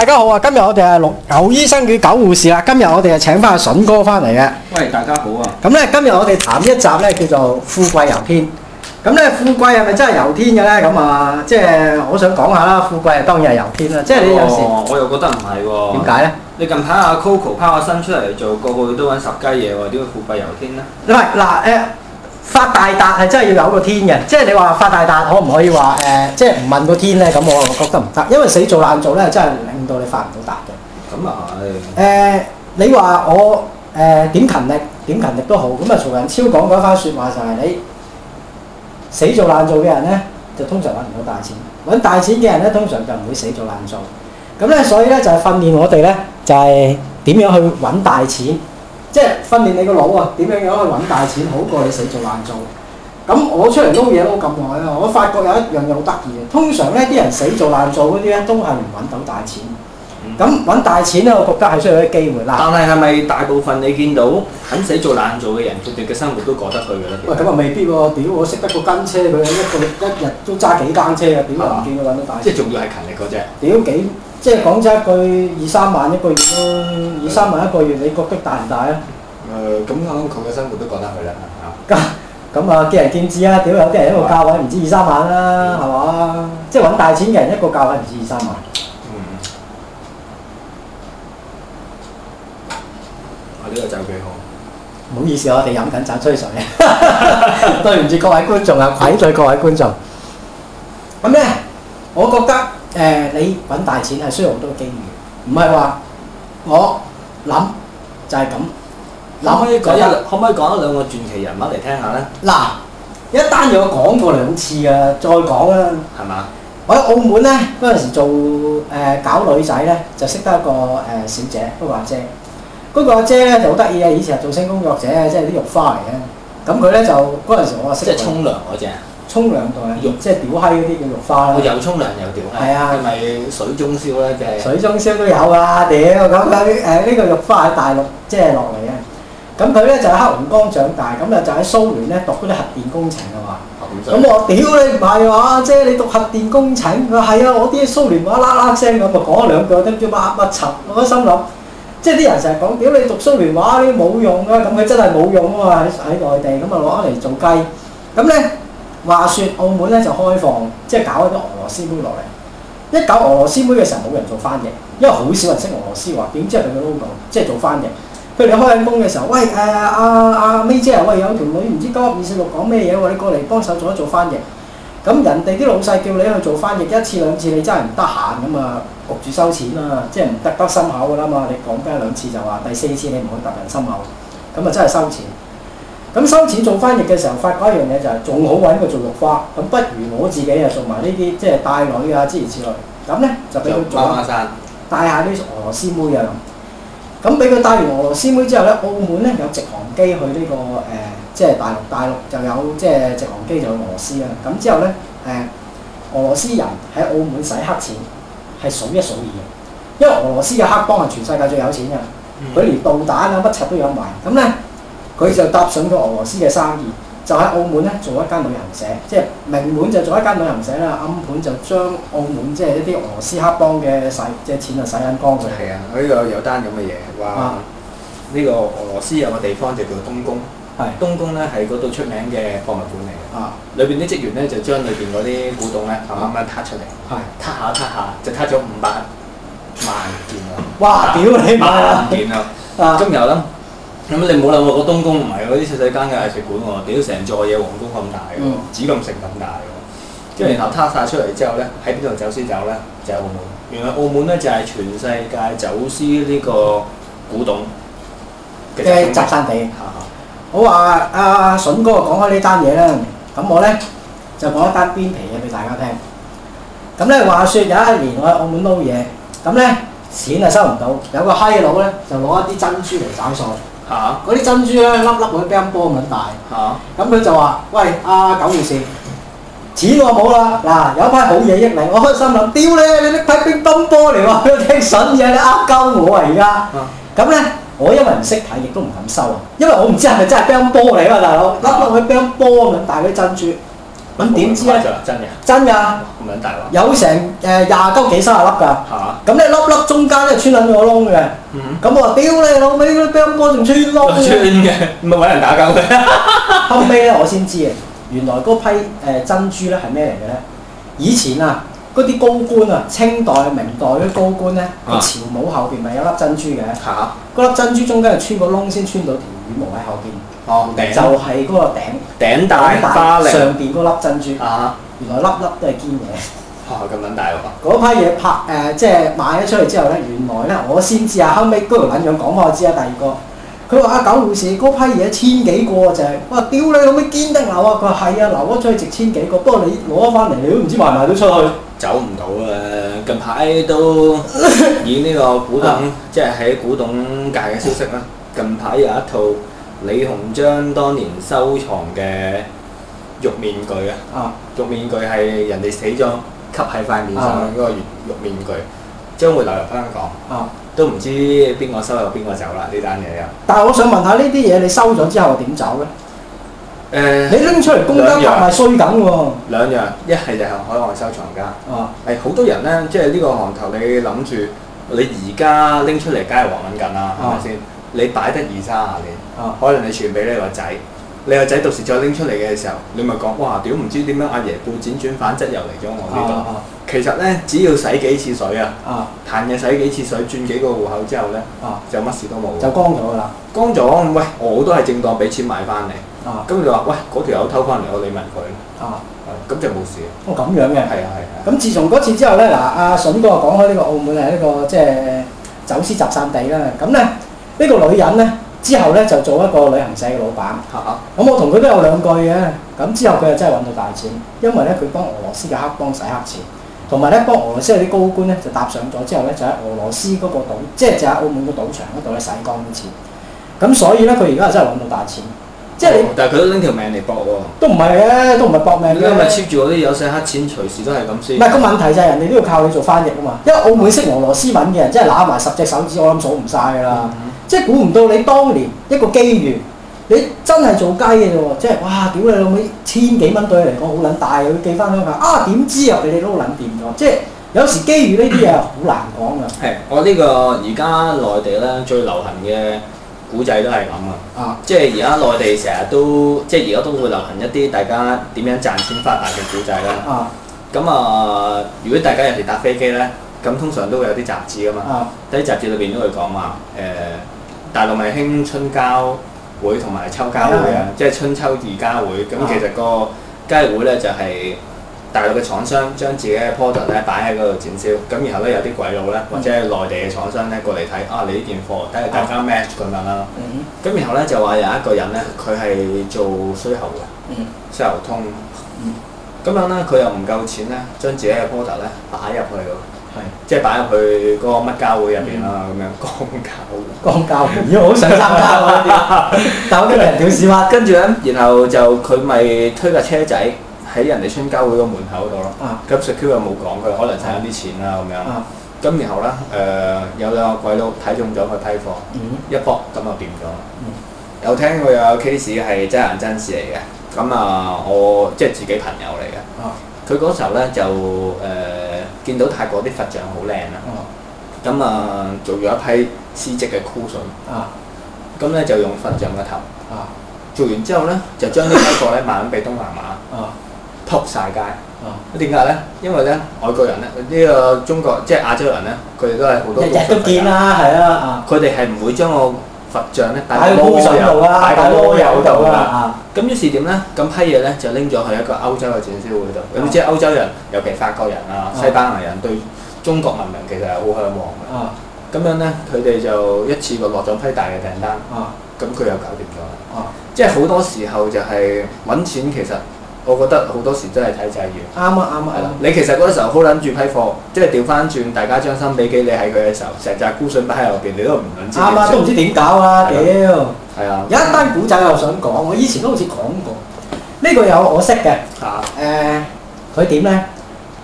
大家好啊！今日我哋係六牛醫生與狗護士啦。今日我哋啊請翻阿笋哥翻嚟嘅。喂，大家好啊！咁咧，今日我哋談一集咧叫做富貴由天。咁咧、就是嗯，富貴係咪真係由天嘅咧？咁啊，即係我想講下啦。富貴啊，當然係由天啦。即係你有時、哦，我又覺得唔係喎。點解咧？你近排阿 Coco 拋個身出嚟做，個個都揾十雞嘢喎。點會富貴由天咧？你係嗱誒。呃發大達係真係要有個天嘅，即係你話發大達可唔可以話誒、呃，即係唔問個天咧？咁我覺得唔得，因為死做爛做咧，真係令到你發唔到達嘅。咁啊，誒，誒，你話我誒點、呃、勤力點勤力都好，咁啊曹仁超講嗰一番說話就係你死做爛做嘅人咧，就通常搵唔到大錢，搵大錢嘅人咧，通常就唔會死做爛做。咁咧，所以咧就係訓練我哋咧，就係、是、點、就是、樣去搵大錢。即係訓練你個腦啊，點樣樣去揾大錢，好過你死做爛做。咁我出嚟撈嘢撈咁耐啊，我發覺有一樣嘢好得意嘅。通常咧啲人死做爛做嗰啲咧，都係唔揾到大錢。咁揾、嗯、大錢咧，我覺得係需要啲機會啦。喇但係係咪大部分你見到肯死做爛做嘅人，佢哋嘅生活都過得去嘅咧？喂，咁啊、哎、未必喎，屌、啊、我識得個跟車佢，一個一日都揸幾單車啊，點都唔見佢揾到大錢。嗯、即係仲要係勤力嗰隻。屌、啊嗯、幾？即係講咗一句二一，二三萬一個月咯，二三萬一個月，你覺得大唔大啊？誒、嗯，咁啱佢嘅生活都過得去啦，嚇、嗯。咁 啊，見仁見智啊！屌，有啲人一個價位唔止二三萬啦、啊，係嘛、嗯？即係揾大錢嘅人一個價位唔止二三萬。嗯。啊！呢個酒幾好。唔好意思，我哋飲緊酒吹水， 對唔住各位觀眾啊，愧對各位觀眾。咁咧、 嗯，我覺得。誒、呃，你揾大錢係需要好多機遇，唔係話我諗就係咁。就是，可唔可以講一可唔可以講一兩個傳奇人物嚟聽下咧？嗱，一單嘢我講過兩次啊，再講啦，係嘛吧？我喺澳門咧，嗰陣時做誒、呃、搞女仔咧，就識得一個誒小姐，嗰、那個阿姐。嗰、那個阿姐咧就好得意啊！以前做星工作者，即係啲肉花嚟嘅。咁佢咧就嗰陣時我識即係沖涼嗰隻。沖涼袋，啊玉即係屌閪嗰啲叫浴花啦。又沖涼又屌閪。係啊，係咪水中燒咧？就係水中燒都有啊，屌咁佢誒呢個浴花喺大陸即係落嚟啊。咁佢咧就喺黑龍江長大咁啊，就喺蘇聯咧讀嗰啲核電工程啊嘛，咁我屌，你唔係話即係你讀核電工程？佢係啊，我啲蘇聯話啦啦聲咁啊講咗兩句都唔知乜乜柒。我心諗即係啲人成日講，屌你讀蘇聯話啲冇用啊，咁佢真係冇用啊嘛，喺喺內地咁啊，攞嚟做雞咁咧。話説澳門呢就開放，即係搞一啲俄羅斯妹落嚟。一搞俄羅斯妹嘅時候，冇人做翻譯，因為好少人識俄羅斯話。點知係佢嘅 logo，即係做翻譯。譬如你開緊工嘅時候，喂誒阿阿 May 姐，喂有條女唔知九五二四六講咩嘢喎？你過嚟幫手做一做翻譯。咁人哋啲老細叫你去做翻譯一次兩次，你真係唔得閒咁啊，焗住收錢啊，即係唔得得心口㗎啦嘛。你講翻兩次，就話第四次你唔好揼人心口，咁啊真係收錢。咁收錢做翻譯嘅時候，發覺一樣嘢就係、是、仲好揾佢做肉花，咁不如我自己又送埋呢啲，即係帶女啊，之如此類諸如此類。咁咧就俾佢做啦，帶下啲俄羅斯妹啊。咁俾佢帶完俄羅斯妹之後咧，澳門咧有直航機去呢、這個誒、呃，即係大陸，大陸就有即係直航機就去俄羅斯啦。咁之後咧，誒、呃、俄羅斯人喺澳門使黑錢係數一數二嘅，因為俄羅斯嘅黑幫係全世界最有錢嘅，佢、嗯、連導彈啊乜柒都有埋。咁咧。佢就搭上咗俄羅斯嘅生意，就喺澳門咧做一間旅行社，即係明盤就做一間旅行社啦，暗盤就將澳門即係一啲俄羅斯黑幫嘅使即係錢啊洗緊光佢。係啊，佢呢個有單咁嘅嘢，話呢個俄羅斯有個地方就叫做東宮，東宮咧喺嗰度出名嘅博物館嚟嘅。啊，裏邊啲職員咧就將裏邊嗰啲古董咧啱啱撻出嚟，撻下撻下就撻咗五百萬件啊！哇，屌你！啊，五千件啊，終有啦。咁你冇諗過，個東宮唔係嗰啲細細間嘅藝術館喎，屌成座嘢皇宮咁大嘅，嗯、紫禁城咁大嘅，即係然後撻晒出嚟之後咧，喺邊度走私走咧？就係、是、澳門。原來澳門咧就係全世界走私呢個古董嘅集集散地。好啊，話阿、啊啊、筍哥講開呢單嘢啦，咁我咧就講一單邊皮嘢俾大家聽。咁咧話説有一年我喺澳門撈嘢，咁咧錢啊收唔到，有個閪佬咧就攞一啲珍珠嚟斬數。嚇！嗰啲、嗯、珍珠咧，粒粒好似乒乓波咁大。嚇、嗯！咁佢就話：喂，啊，九女士，錢我冇啦。嗱，有一批好嘢益嚟，我開心諗，屌咧，你啲批乒乓波嚟喎，聽筍嘢，你呃鳩、哎、我啊！而、嗯、家，咁、嗯、咧、嗯，我因為唔識睇，亦都唔敢收啊，因為我唔知係咪真係乒乓波嚟啊，大佬，粒粒好似乒乓波咁大啲珍珠。揾點、嗯、知咧？真嘅是，真噶是，有成誒廿鳩幾三十粒啊粒㗎。嚇！咁你粒粒中間咧穿緊個窿嘅。嗯。咁我話：屌你老味， 我表哥仲穿窿嘅。穿嘅，唔係揾人打交嘅。後尾咧，我先知啊，原來嗰批誒、呃、珍珠咧係咩嚟嘅咧？以前啊，嗰啲高官啊，清代、明代嗰啲高官咧、啊，啊、朝帽後邊咪有粒珍珠嘅。嚇、啊！嗰粒珍珠中間係穿個窿先穿到條羽毛喺後邊。哦，就係嗰個頂頂大，頂大花靈上邊嗰粒珍珠啊！原來粒粒都係堅嘢。嚇！咁撚大喎！嗰批嘢拍誒，即係賣咗出去之後咧，原來咧我先知啊。後尾嗰條撚樣講翻我知啊。第二個，佢話阿九護士嗰批嘢千幾個，就係哇，屌你老母堅得流啊！佢話係啊，留咗出去值千幾個，不過你攞翻嚟你都唔知賣唔賣到出去。走唔到啊！近排都以呢個古董，即係喺古董界嘅消息啦。 近排有一套。李鴻章當年收藏嘅玉面具啊！玉面具係人哋死咗吸喺塊面上嗰個玉面具，將會流入香港，啊、都唔知邊個收入邊個走啦。呢單嘢又但係，我想問下呢啲嘢，你收咗之後點走咧？誒、呃，你拎出嚟公家樣賣衰緊喎。兩樣，一係就係海外收藏家，係好、啊、多人咧。即係呢個行頭你你，啊、你諗住你而家拎出嚟，梗係玩緊啦，係咪先？你擺得二三廿年。可能你傳俾你個仔，你個仔到時再拎出嚟嘅時候，你咪講哇！屌唔知點樣，阿爺半輾轉反側又嚟咗我呢度。其實咧，只要洗幾次水啊，彈嘢洗幾次水，轉幾個戶口之後咧，就乜事都冇。就乾咗㗎啦。乾咗，喂，我都係正當俾錢買翻嚟。咁佢話：喂，嗰條友偷翻嚟，我你問佢咧？咁就冇事。哦，咁樣嘅。係啊，係啊。咁自從嗰次之後咧，嗱，阿筍哥講開呢個澳門係一個即係走私集散地啦。咁咧，呢個女人咧。之後咧就做一個旅行社嘅老闆，咁、啊、我同佢都有兩句嘅。咁之後佢又真係揾到大錢，因為咧佢幫俄羅斯嘅黑幫洗黑錢，同埋咧幫俄羅斯啲高官咧就搭上咗之後咧就喺俄羅斯嗰個賭，即係就喺、是、澳門個賭場嗰度咧洗乾錢。咁所以咧佢而家真係揾到大錢，哦、即係但係佢、啊、都拎條命嚟搏喎，都唔係嘅，都唔係搏命。因為咪黐住嗰啲有洗黑錢，隨時都係咁先。唔係個問題就係人哋都要靠你做翻譯啊嘛，因為澳門識俄羅斯文嘅人即係攬埋十隻手指，我諗數唔晒㗎啦。嗯即係估唔到你當年一個機遇，你真係做雞嘅啫喎！即係哇，屌你老妹，千幾蚊對你嚟講好撚大，佢寄翻香港啊！點知又俾你攞撚掂咗？即係有時機遇呢啲嘢好難講㗎。係我呢個而家內地咧最流行嘅古仔都係咁啊！即係而家內地成日都即係而家都會流行一啲大家點樣賺錢發達嘅古仔啦。咁啊，呃，如果大家有時搭飛機咧，咁通常都會有啲雜誌㗎嘛。啲雜誌裏邊都會講話誒。大陸咪興春交會同埋秋交會啊，的即係春秋二交會。咁的其實個交易會咧就係大陸嘅廠商將自己嘅 product 咧擺喺嗰度展銷，咁的然後咧有啲鬼佬咧或者係內地嘅廠商咧過嚟睇的啊，你呢件貨，等大家 match 咁樣啦。咁的然後咧就話有一個人咧，佢係做水喉嘅，水喉通。咁、嗯、樣咧佢又唔夠錢咧，將自己嘅 product 咧擺入去。即係擺入去嗰個乜交會入邊啦，咁樣廣交會，廣交會。因為我好想參加喎，但係我驚俾人屌屎嘛。跟住咧，然後就佢咪推架車仔喺人哋春交會個門口度咯。咁 secure 又冇講，佢可能賺啲錢啦咁樣。咁然後咧，誒有兩個鬼佬睇中咗個批貨，一博咁就掂咗。嗯，有聽過又有 case 係真人真事嚟嘅，咁啊，我即係自己朋友嚟嘅。佢嗰時候咧就誒、呃、見到泰國啲佛像好靚啦，咁啊、哦嗯、做咗一批絲質嘅箍臣，咁咧、啊、就用佛像嘅頭，啊、做完之後咧就將呢批貨咧賣俾東南亞，啊、撲晒街。咁點解咧？因為咧外國人咧呢、呢個中國即係亞洲人咧，佢哋都係好多日日都見啦，係啊，佢哋係唔會將個佛像咧擺喺鋪頭度啊。擺喺攤位度啊。咁於是點咧？咁批嘢咧就拎咗去一個歐洲嘅展銷會度。咁、嗯、即係歐洲人，尤其法國人啊、嗯、西班牙人對中國文明其實係好渴望嘅。咁、嗯、樣咧，佢哋就一次過落咗批大嘅訂單。咁佢、嗯、又搞掂咗。嗯、即係好多時候就係搵錢其實。我覺得好多時真係睇仔魚。啱啊啱啊，係啦吧！吧你其實嗰陣時候好諗住批貨，即係調翻轉，大家將心比己，你喺佢嘅時候成扎菇筍擺喺入邊，你都唔想知。啱啊，都唔知點搞啊！屌。係啊。有一單古仔我想講，我以前都好似講過。這個呃、呢個有我識嘅。啊。誒，佢點咧？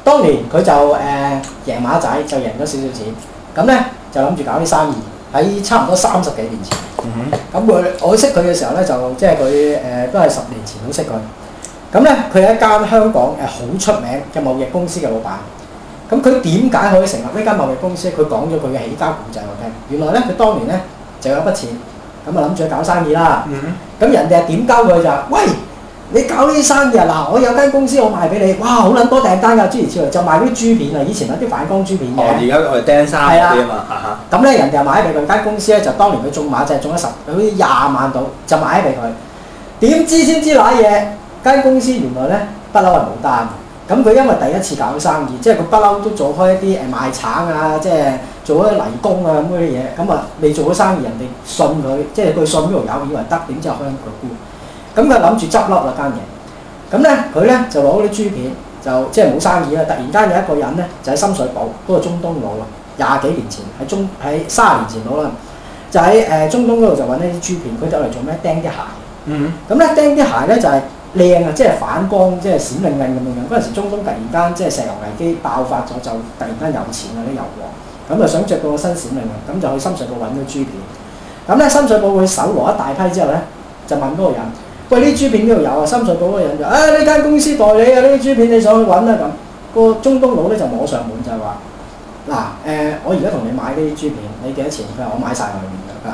當年佢就誒、呃、贏馬仔，就贏咗少少錢。咁咧就諗住搞啲生意。喺差唔多三十幾年前。嗯咁哼佢我識佢嘅時候咧，就即係佢誒都係十年前好識佢。咁咧，佢係一間香港誒好出名嘅貿易公司嘅老闆。咁佢點解可以成立呢間貿易公司？佢講咗佢嘅起家故事。我聽。原來咧，佢當年咧就有一筆錢，咁啊諗住去搞生意啦。咁、嗯、人哋啊點教佢就？喂，你搞呢啲生意啊？嗱，我有間公司我賣俾你，哇，好撚多訂單㗎，諸如此類，就賣啲珠片啊，以前嗰啲反光珠片哦，而、啊、 家我哋釘衫嗰啲啊嘛。咁咧，人哋啊買咗佢間公司咧，就當年佢中馬就係中咗十好似廿萬度，就買咗俾佢。點知先知瀨嘢？間公司原來咧不嬲係冇單，咁佢因為第一次搞生意，即係佢不嬲都做開一啲誒賣橙啊，即係做開泥工啊咁嗰啲嘢，咁啊未做咗生意，人哋信佢，即係佢信呢條友，以為得，點之後幫佢估，咁佢諗住執笠啦間嘢，咁咧佢咧就攞啲珠片，就即係冇生意啦。突然間有一個人咧，就喺深水埗嗰個中東佬啦，廿幾年前喺中喺卅年前佬啦，就喺誒、呃、中東嗰度就揾啲珠片，佢攞嚟做咩釘啲鞋，嗯、mm，咁咧釘啲鞋咧就係、是。靚啊！即係反光，即係閃靈靈咁樣樣。嗰陣時，中東突然間即係石油危機爆發咗，就突然間有錢啊！啲油王咁啊，就想著個新閃靈靈，咁就去深水埗揾咗豬片。咁咧，深水埗佢搜羅一大批之後咧，就問嗰個人：喂，呢豬片邊度有啊？深水埗嗰個人就：啊、哎，呢間公司代理啊，呢啲豬片你上去揾啊咁。個中東佬咧就摸上門就係話：嗱，誒、呃，我而家同你買呢啲豬片，你幾多錢？佢話：我買晒佢㗎。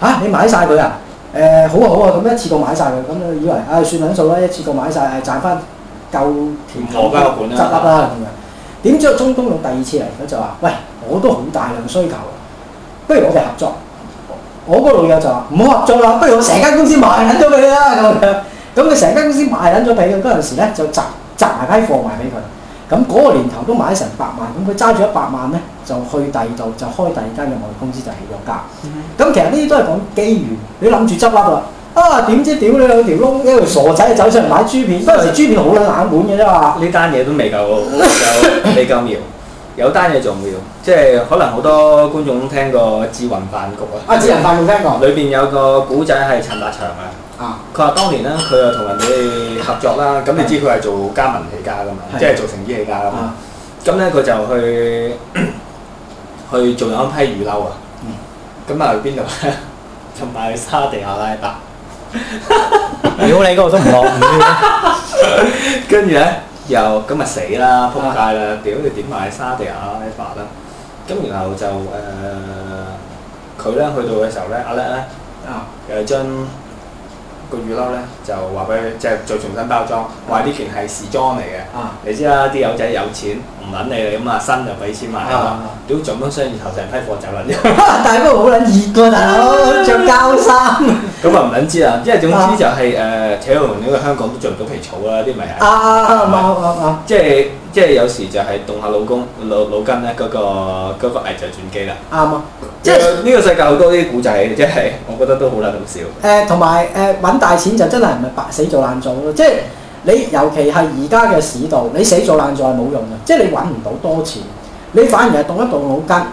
嚇、啊！你買晒佢啊？誒好啊好啊，咁、啊、一次過買晒佢，咁啊以為，唉、哎、算撚數啦，一次過買曬，係賺翻夠交路啦，執笠啦。咁點知啊，中東用第二次嚟佢就話，喂，我都好大量需求，不如我哋合作。我嗰個老友就話，唔好合作啦，不如我成間公司賣撚咗佢啦咁樣。咁佢成間公司賣撚咗俾佢，嗰陣時咧就集集埋批貨賣俾佢。咁嗰個年頭都買成百萬，咁佢揸住一百萬咧。就去第二度就開第二間嘅外公司就起咗家。咁其實呢啲都係講機緣。你諗住執笠啦啊？點知屌你兩條窿，一個傻仔走出嚟買豬片。當時為豬片好鬼冷門嘅啫嘛。呢單嘢都未夠 有，未夠妙。有單嘢仲妙，即係可能好多觀眾都聽過智雲飯局、啊《智雲飯局》啊。阿智雲飯局聽過。裏邊有個古仔係陳百祥啊。啊。佢話：當年咧，佢又同人哋合作啦。咁你知佢係做加盟起家㗎嘛？即係的做成衣起家㗎嘛？咁咧的，佢就去。去仲有一批雨褸啊！咁、嗯、啊去邊度咧？同埋去沙地阿拉伯。屌你嗰個都唔落伍啦！跟住咧又咁咪死啦，仆街啦！屌你點買沙地阿拉伯啦？咁然後就誒佢咧去到嘅時候咧，阿叻咧又將個雨褸咧就話俾佢，即係再重新包裝。話呢件係時裝嚟嘅，嗯、你知啦，啲友仔有錢。唔揾你嚟咁啊，新就俾錢買，叼仲幫商，然後成批貨走啦！大哥好撚熱㗎大佬，著膠衫。咁啊唔撚知啊，即係總之就係扯且，同呢個香港都著唔到皮草啊啲咪啊，唔係唔係，即係即係有時就係動下腦筋，腦腦筋咧，嗰個嗰個危就轉機啦。啱啊，即係呢個世界好多啲古仔，即係我覺得都好撚好笑。誒同埋誒揾大錢就真係唔係白死做爛做咯，即係。你尤其係而家嘅市道，你死做爛做係冇用嘅，即係你揾唔到多錢，你反而係動一動腦筋，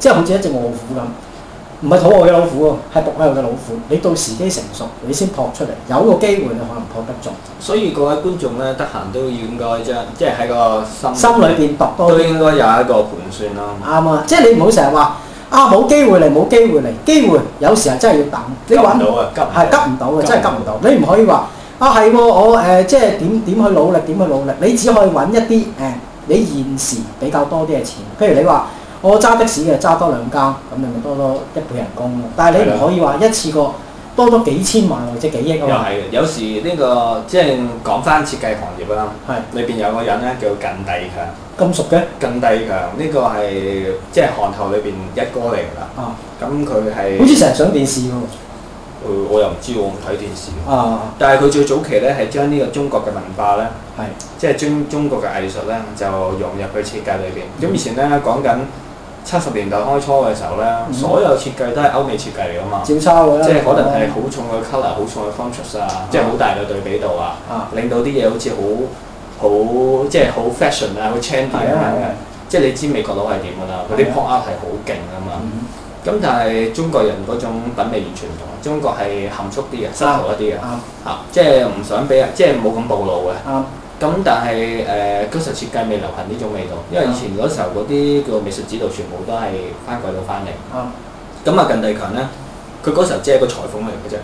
即係好一隻似一隻臥虎咁，唔係肚餓嘅老虎喎，係伏喺度嘅老虎。你到時機成熟，你先撲出嚟，有個機會你可能撲得中。所以各位觀眾咧，得閒都要應該將，即係喺個心裡心裏邊度，都應該有一個盤算咯。啱啊，即係你唔好成日話啊冇機會嚟冇機會嚟，機會有時係真係要等。你唔到啊，急係急唔到嘅，真係急唔到。你唔可以話。啊係喎，我誒、呃、即係點點去努力，點去努力？你只可以揾一啲誒、呃，你現時比較多啲嘅錢。譬如你話我揸的士嘅，揸多兩間咁，你咪多多一倍人工咯。但係你唔可以話一次過多咗幾千萬或者幾億啊嘛。又係，有時呢、呢個即係講翻設計行業啦。係，裏邊有個人咧叫近帝強，咁熟嘅？近帝強呢個係即係行頭裏邊一哥嚟㗎。啊，咁佢係好似成日上電視喎。我又唔知喎，我唔睇電視。啊！但係佢最早期咧，係將呢個中國嘅文化咧，係即係將中國嘅藝術咧，就融入佢設計裏邊。咁以前咧，講緊七十年代開初嘅時候咧，所有設計都係歐美設計嚟噶嘛。照抄。即係可能係好重嘅 colour，好重嘅 contrast 啊，即係好大嘅對比度啊，令到啲嘢好似好好即係好 fashion 啊，好 chic 啲咁啊。即係你知美國佬係點㗎啦？佢啲 product 係好勁㗎嘛。咁但係中國人嗰種品味完全唔同，中國係含蓄啲嘅，沙頭一啲嘅，啊，即係唔想俾人，即係冇咁暴露嘅。咁、啊、但係誒，嗰、呃、時候設計未流行呢種味道，因為以前嗰時候嗰啲叫美術指導全部都係翻鬼佬翻嚟。咁啊，啊，近帝強咧，佢嗰時候只係個裁縫嚟嘅啫。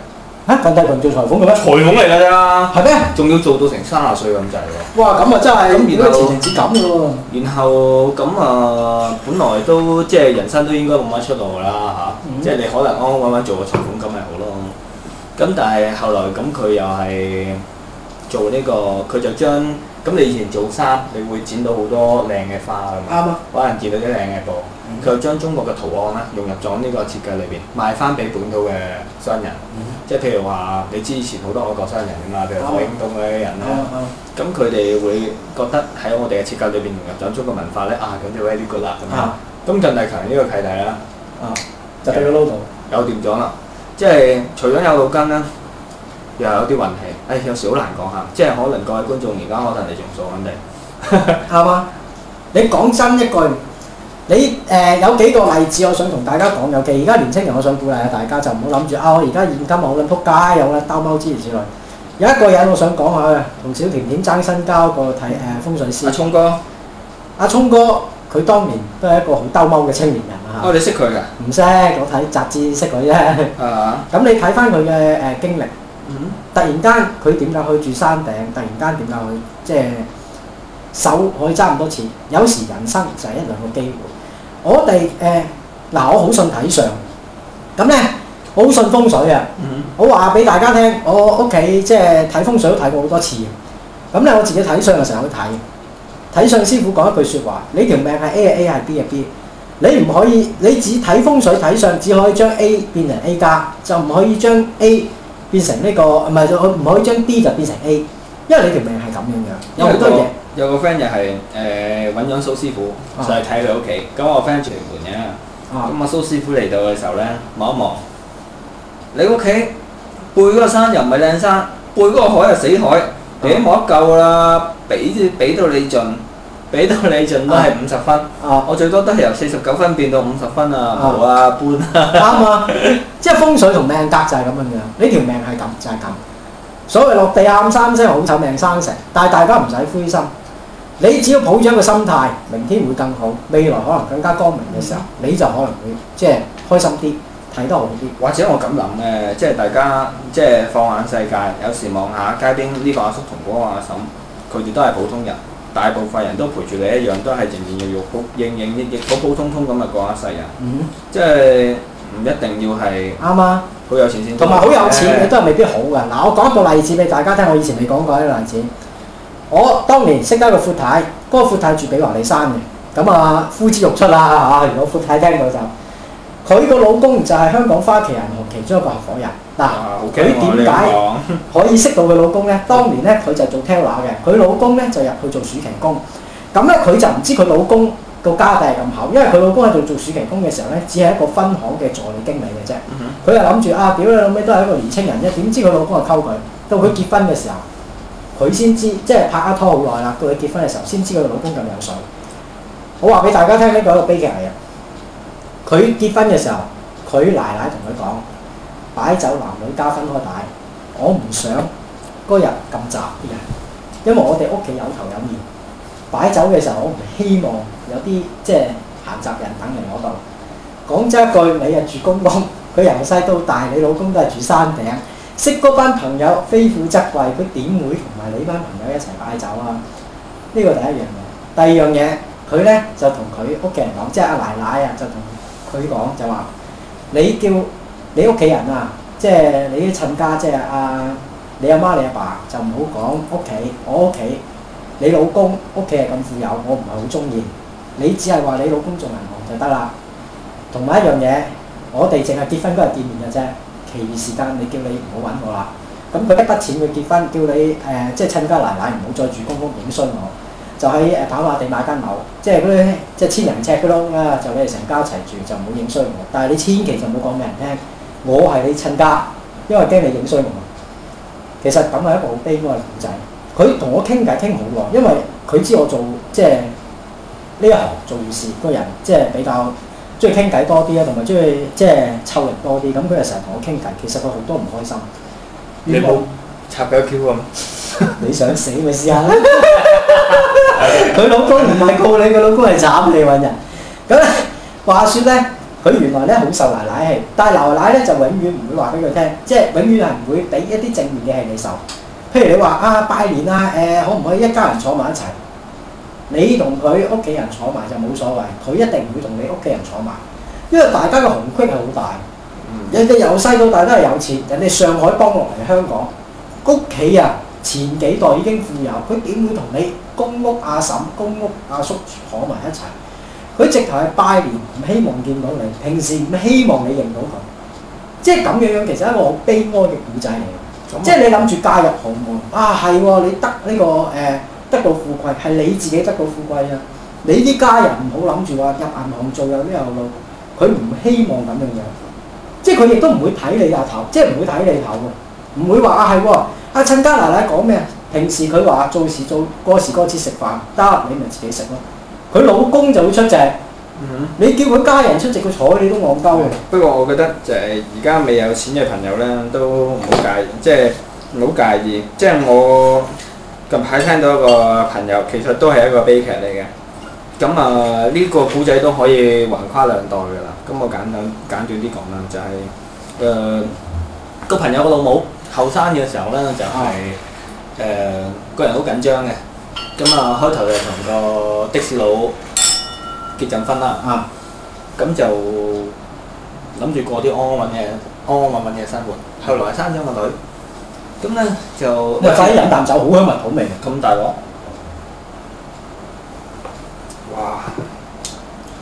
啊！范大群做裁縫嘅咩？裁縫嚟咋？係咩嗎？仲要做到成三十歲咁滯喎！哇！咁啊，真係咁，原來前程似錦嘅然後咁啊、呃，本來都即係人生都應該冇乜出路㗎啦嚇，啊嗯、即係你可能安安穩穩做個裁縫咁咪好咯。咁但係後來咁佢又係做呢、這個，佢就將咁你以前做衫，你會剪到好多靚嘅花啊啱啊！可能剪到啲靚嘅布。佢又將中國嘅圖案咧，融入咗呢個設計裏邊，賣翻俾本土嘅商人，嗯、哼即係譬如話，你之前好多外國商人啊嘛，譬如廣東嘅人咧，咁佢哋會覺得喺我哋嘅設計裏邊融入咗中國文化咧，啊，咁就 very good 啦咁啊。咁鄭大強呢個契弟啦，啊，就係個老頭有掂咗啦，即係除咗有腦筋啦，又有啲運氣，誒、哎，有時好難講下，即係可能各位觀眾而家可能你仲坐穩定，係嘛？你講真一句。你誒、呃、有幾個例子，我想同大家講。尤其而家年青人，我想鼓勵下大家，就唔好諗住啊！而家現，現今冇好撲街，有好撚兜踎之類之類。有一個人，我想講下同小甜甜爭身家個睇誒、啊、風水師。阿、啊、聰哥，阿、啊、聰哥，佢當年都係一個好兜踎嘅青年人啊！哦，你識佢㗎？唔識，我睇雜誌識佢啫。咁、uh huh. 啊、你睇翻佢嘅誒經歷、嗯，突然間佢點解去住山頂？突然間點解去即係手可以爭唔多錢？有時人生就係一兩個機會。我哋誒嗱，我好信睇相，咁咧我好信風水啊！我話俾大家聽，我屋企即係睇風水都睇過好多次。咁咧我自己睇相嘅時候去睇，睇相師傅講一句説話：你條命係 A 係 A 係 B 係 B，你唔可以你只睇風水睇相，只可以將 A 變成 A 加，就唔可以將 A 變成呢、這個唔係就唔可以將 B 就變成 A，因為你條命係咁樣嘅，因為 有好多嘢。有個 friend 又係誒揾咗蘇師傅上嚟睇佢屋企，咁、啊、我 friend 住門嘅，咁啊蘇師傅嚟到嘅時候咧望一望，你屋企背嗰個山又唔係靚山，背嗰個海又死海，啊、你冇得救啦，俾俾到你盡，俾到你盡都係五十分，啊，啊我最多都係由四十九分變到五十分啊，好啊搬啊，啱啊，即係風水同命格就係咁樣樣，呢條命係咁就係、是、咁、就是，所謂落地喊三聲好醜命生成、就是，但係大家唔使灰心。你只要抱著一個心態，明天會更好，未來可能更加光明嘅時候，你就可能會即係、就是、開心啲，睇得好啲。或者我咁諗咧，即係大家即係放眼世界，有時望下街邊呢、這個阿叔、同個阿嬸，佢哋都係普通人，大部分人都陪住你一樣，都係戇戇肉肉、朴硬硬啲啲、普普通通咁啊過一世人。嗯，即係唔一定要係啱啊，好有錢先同埋好有錢都係未必好噶。嗱，我講一個例子俾大家聽，我以前未講過呢個例子。我當年識得個闊太，嗰、那個闊太住喺比華利山嘅，咁啊呼之欲出啦、啊、嚇！如果闊太聽到就，佢個老公就係香港花旗銀行其中一個合伙人。嗱，佢點解可以識到佢老公咧？啊哦、當年咧，佢就做 teller 嘅，佢老公咧就入去做暑期工。咁咧，佢就唔知佢老公個家底係咁厚，因為佢老公喺度做暑期工嘅時候咧，只係一個分行嘅助理經理嘅啫。佢、嗯、哼就諗住啊，屌你老味都係一個年青人啫，點知佢老公就溝佢，到佢結婚嘅時候，佢先知，即係拍一拖好耐啦，到佢結婚嘅時候先知佢老公咁有水。我話俾大家聽呢個一個悲劇嚟啊！佢結婚嘅時候，佢奶奶同佢講擺酒男女家分開擺，我唔想嗰日咁雜嘅，因為我哋屋企有頭有面擺酒嘅時候，我唔希望有啲即係閒雜人等人攞到。講真一句，你係住公屋，佢由細到大，你老公都係住山頂。識嗰班朋友非富則貴，佢點會同埋你班朋友一齊擺酒啊？呢個第一樣嘢。第二樣嘢，佢咧就同佢屋企人講，即係阿奶奶啊，就同佢講就話：你叫你屋企人啊，即係你啲親家，即係阿你阿媽，媽，你阿爸，爸，就唔好講屋企我屋企。你老公屋企係咁富有，我唔係好中意。你只係話你老公做銀行就得啦。同埋一樣嘢，我哋淨係結婚嗰日見面嘅啫。其餘時間，你叫你唔好揾我啦，咁佢一筆錢佢結婚，叫你誒、呃、即係親家奶奶唔好再住公屋，影衰我，就喺誒跑馬地買間樓，即係嗰啲即係千人尺嘅窿啊，就你哋成家一齊住，就唔好影衰我。但係你千祈就唔好講俾人聽，我係你親家，因為驚你影衰我。其實咁係一個好悲哀嘅故仔。佢同我傾偈傾好耐，因為佢知我做即係呢一行做事嗰人，即係比較。中意傾偈多啲啊，同埋中意即係湊人多啲，咁佢又成日同我傾偈。其實佢好多唔開心。你冇插架 Q 啊？ 你想死咪試下啦！佢 老公唔係告你，佢老公係慘你揾人。咁 話說咧，佢原來咧好受奶奶氣，但係奶奶咧就永遠唔會話俾佢聽，即係永遠係唔會俾一啲正面嘅係你受。譬如你話啊拜年啊，誒、呃、可唔可以一家人坐埋一齊？你同佢屋企人坐埋就冇所謂，佢一定唔會同你屋企人坐埋，因為大家嘅鴻隙係好大。人哋由細到大都係有錢，人哋上海幫落嚟香港屋企啊，人前幾代已經富有，佢點會同你公屋阿嬸、公屋阿叔坐埋一齊？佢直頭係拜年唔希望見到你，平時唔希望你認到佢，即係咁樣樣，其實係一個好悲哀嘅古仔嚟。即係你諗住嫁入豪門啊，係喎、哦，你得呢、這個誒。呃得到富貴係你自己得到富貴啊！你啲家人唔好諗住話入銀行做有呢條路，佢唔希望咁樣嘅，即係佢亦都唔會睇你阿頭，即係唔會睇你阿頭嘅，唔會話啊係喎，阿、啊、親家奶奶講咩啊？平時佢話做事做過時過節食飯得，你咪自己食咯。佢老公就會出席，嗯、你叫佢家人出席佢坐你都戇鳩嘅。不過我覺得就係而家未有錢嘅朋友咧，都唔好介意，即係唔好介意。即係我。即係近排聽到一個朋友，其實都係一個悲劇嚟嘅。咁啊，呢個古仔都可以橫跨兩代嘅啦。咁我簡短簡短啲講啦，就係誒個朋友嘅老母後生嘅時候咧，就係、誒、呃、個人好緊張嘅。咁啊，開頭就同個的士佬結陣婚啦，啊，咁就諗住過啲安穩嘅、安安穩穩嘅生活。後來生咗個女。咁咧就，哇！快啲飲啖酒，好香蜜桃味咁大鑊，哇！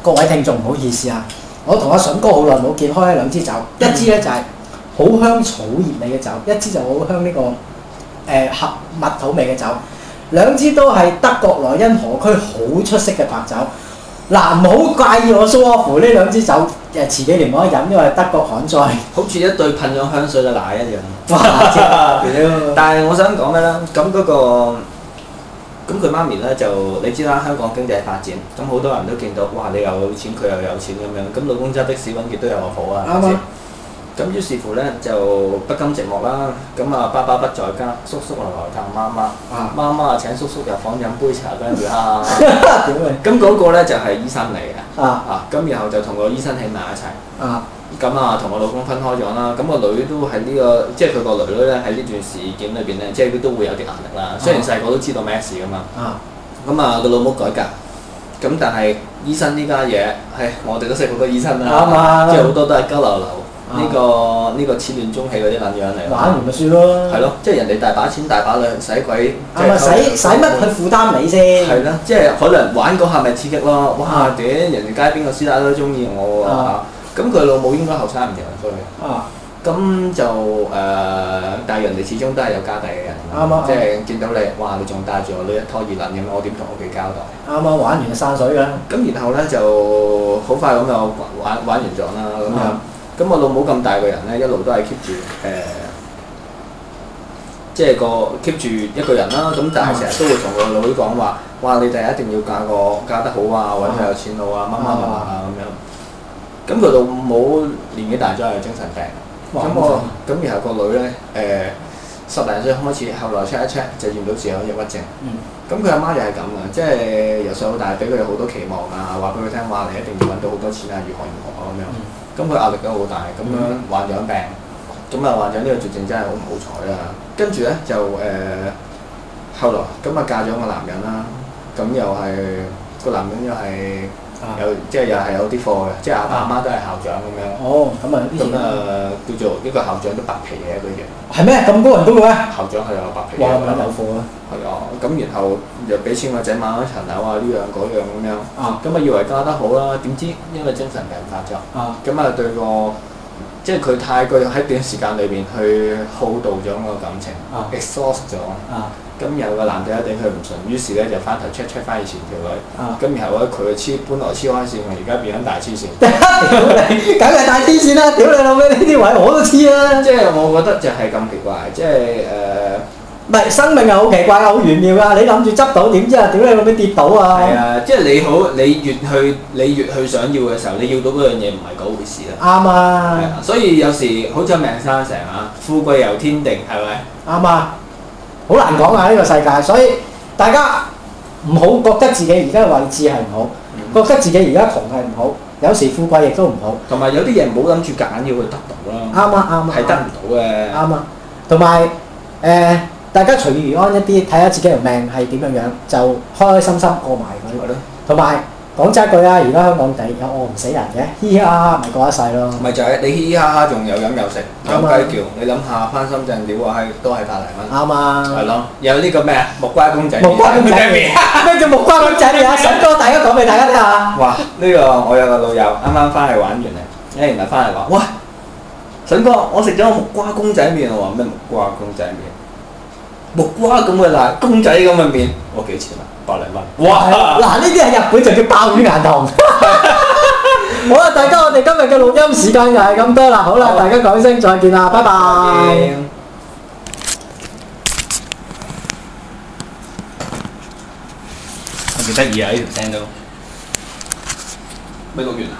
各位聽眾唔好意思啊，我同阿、啊、筍哥好耐冇見開一兩支酒，一支咧、嗯、就係好香草葉味嘅酒，一支就好香呢、呢個誒核、呃、蜜桃味嘅酒，兩支都係德國萊茵河區好出色嘅白酒。嗱，唔好怪我疏忽呢兩支酒，誒遲幾年冇得飲，因為德國旱災，好似一對噴咗香水嘅奶一樣。哇 但係我想講咩咧？咁嗰，那個咁佢媽咪咧就，你知啦，香港經濟發展，咁好多人都見到，哇！你有又有錢，佢又有錢咁樣，咁老公揸的士揾結都有我好，嗯、展啊。啊！咁於是乎咧，就不甘寂寞啦。咁、嗯、啊，爸爸不在家，叔叔嚟來探媽媽。啊！媽媽啊，請叔叔入房飲杯茶，跟住啊。點嘅？咁嗰個咧就係醫生嚟嘅。啊！咁然後就同個醫生喺埋一齊。啊！咁啊，同我老公分開咗啦。咁、嗯、個女都喺呢、這個，即係佢個女女咧喺呢段事件裏邊咧，即、就、係、是、都會有啲壓力啦。雖然細個都知道咩事噶嘛。啊！咁啊，個老母改革。咁但係醫生呢家嘢，唉，我哋都識好多醫生啦，即係好多都係交流流。 呢個呢個始亂終棄嗰啲撚樣嚟，玩完咪算咯。係咯，即係人哋大把錢大把女使鬼。係咪使使乜去負擔你先？係啦，即係可能玩嗰下咪刺激咯。哇屌，人哋街邊個師奶都中意我喎。咁佢老母應該後生唔忍佢。啊。咁就誒，但係人哋始終都係有家底嘅人。啱啱，即係見到你，哇！你仲帶住我女一拖二輪咁，我點同屋企交代？啱。啱玩完散水㗎。咁然後咧就好快咁就玩玩完咗啦，咁樣。咁我老母咁大嘅人咧，一路都係 keep 住誒，即係個 keep 住一個人啦。咁但係成日都會同個女講話：哇！你第日一定要嫁個嫁得好啊，或者有錢佬啊，乜乜乜啊咁樣。咁佢老母年紀大咗又精神病，咁我咁然後個女咧誒、呃、十零歲開始，後來 check 一 check 就驗到自己有抑鬱症。咁佢阿媽又係咁嘅，即係由細到大俾佢好多期望啊，話俾佢聽話你一定要揾到好多錢啊，如何如何啊咁樣。嗯咁佢壓力都好大，咁樣患，患上病，咁啊患上呢個絕症真係好唔好彩啦！跟住咧就誒，後來咁啊嫁咗個男人啦，咁又係個男人又係、啊、有即係又係有啲貨嘅，即係阿爸阿媽都係校長咁樣。啊、哦，咁啊啲咁叫做一個校長都白皮嘅一樣。係咩？咁高人工嘅話？校長係有白皮嘅。哇！有貨啊！係啊，咁然後。又俾錢個仔買咗層樓啊，呢樣嗰樣咁樣，咁啊以為嫁得好啦，點知因為精神病發作，咁啊對個，即係佢太過喺短時間裏邊去耗度咗個感情，exhaust 咗，咁有個男仔一定佢唔順，於是咧就翻頭 check check 翻以前條女，咁然後咧佢黐搬來黐開線，而家變咗大黐線，梗係大黐線啦！屌你老味呢啲位我都黐啦！即係我覺得就係咁奇怪，即係誒。唔係生命係好奇怪會會啊，好玄妙㗎！你諗住執到點知啊？點解會俾跌到啊？係啊，即係你好，你越去，你越去想要嘅時候，你要到嗰樣嘢唔係嗰回事啊。啱啊，所以有時好似命生成啊，富貴由天定，係咪？啱啊，好難講啊！呢、這個世界，所以大家唔好覺得自己而家嘅位置係唔好，嗯、覺得自己而家窮係唔好，有時富貴亦都唔好。同埋有啲嘢唔好諗住揀要去得到咯。啱啊，啱啊，係得唔到嘅。啱啊，同埋誒。啊啊啊啊啊啊大家隨遇而安一啲，睇下自己條命係點樣樣，就開開心心過埋佢咯。同埋的講真一句啊，而家香港地有餓唔死人嘅，嘻嘻哈哈唔過一世咯。咪就係你嘻嘻哈哈仲有飲有食，冇嘛雞叫。你諗下翻深圳，料啊係都係百零蚊。啱啱嘛？係咯嘛。有呢個咩啊？木瓜公仔。木瓜公仔麵咩 叫木瓜公仔麵啊？筍 哥，大家講俾大家聽嚇。哇！呢、呢個我有個老友啱啱翻嚟玩完嚟。咧，誒咪翻嚟話，喂，筍哥，我食咗個木瓜公仔麵，我話咩木瓜公仔麵？木瓜咁嘅啦，公仔咁嘅面，我幾錢啊？百零蚊。哇！嗱，呢啲係日本就叫鮑魚眼糖。 好啦，大家我哋今日嘅錄音時間又係咁多啦。好啦，大家講聲再見啦，好拜拜。幾得意啊！呢條聲都未錄完啊。